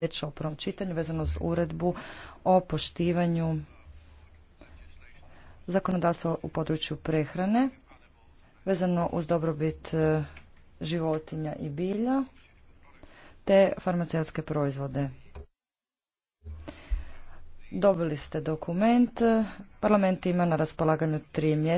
riječ o prvom čitanju vezano uz uredbu o poštivanju zakonodavstva u području prehrane vezano uz dobrobit e, životinja i bilja te farmaceutske proizvode. Dobili ste dokument. Parlament ima na raspolaganju tri mjeseca.